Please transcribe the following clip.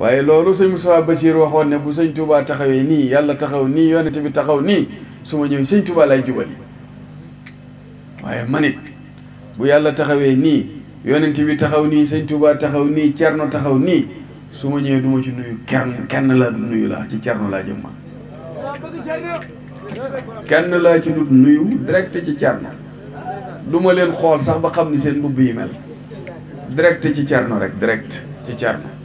waaye loolu sëñ Moussa Bachir waxoon ne bu sëñ Touba taxawee nii yàlla taxaw nii yonent bi taxaw nii su ma ñëwee sëñ Touba lay jubali waaye man it bu yàlla taxawee nii yonent bi taxaw nii sëñ Touba taxaw nii cerno taxaw nii su ma ñëwee du ma ci nuyu kenn kenn laa du nuyu laa ci cerno laa jëm kenn laa ci dut nuyu direct ci cerno duma leen xool sax ba xam ni seen mbubb yi mel direct ci cerno rek direct ci cerno